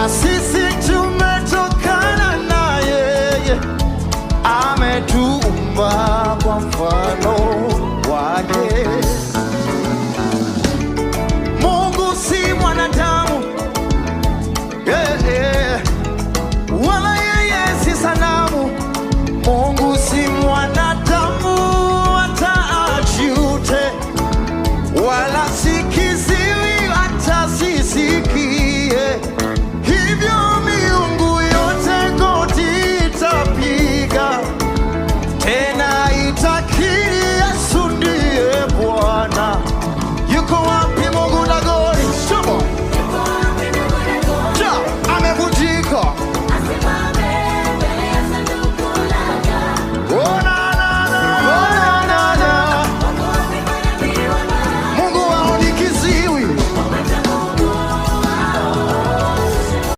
na sisi tumetokana na yeye, ametuumba kwa mfano wake.